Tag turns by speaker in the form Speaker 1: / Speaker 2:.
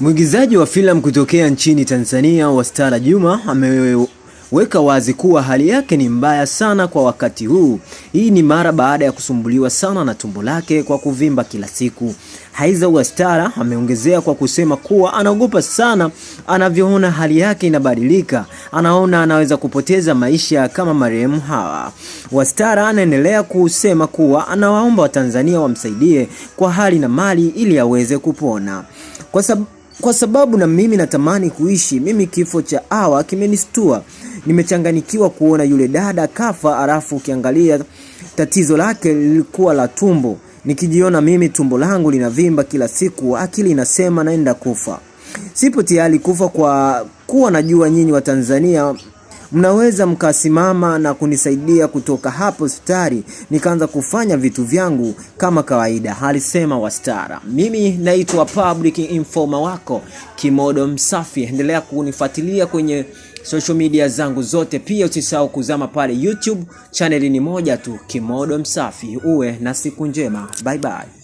Speaker 1: Mwigizaji wa filamu kutokea nchini Tanzania Wastara Juma ameweka wazi kuwa hali yake ni mbaya sana kwa wakati huu. Hii ni mara baada ya kusumbuliwa sana na tumbo lake kwa kuvimba kila siku. Aidha, Wastara ameongezea kwa kusema kuwa anaogopa sana anavyoona hali yake inabadilika, anaona anaweza kupoteza maisha kama marehemu Hawa. Wastara anaendelea kusema kuwa anawaomba Watanzania wamsaidie kwa hali na mali ili aweze kupona kwa sababu kwa sababu na mimi natamani kuishi, mimi kifo cha awa kimenistua. Nimechanganikiwa kuona yule dada kafa, alafu ukiangalia tatizo lake lilikuwa la tumbo. Nikijiona mimi tumbo langu linavimba kila siku, akili inasema naenda kufa. Sipo tayari kufa kwa kuwa najua nyinyi wa tanzania mnaweza mkasimama na kunisaidia kutoka hapo hospitali nikaanza kufanya vitu vyangu kama kawaida, alisema Wastara. Mimi naitwa Public Informer wako Kimodo Msafi, endelea kunifuatilia kwenye social media zangu zote. Pia usisahau kuzama pale YouTube, chaneli ni moja tu, Kimodo Msafi. Uwe na siku njema, bye bye.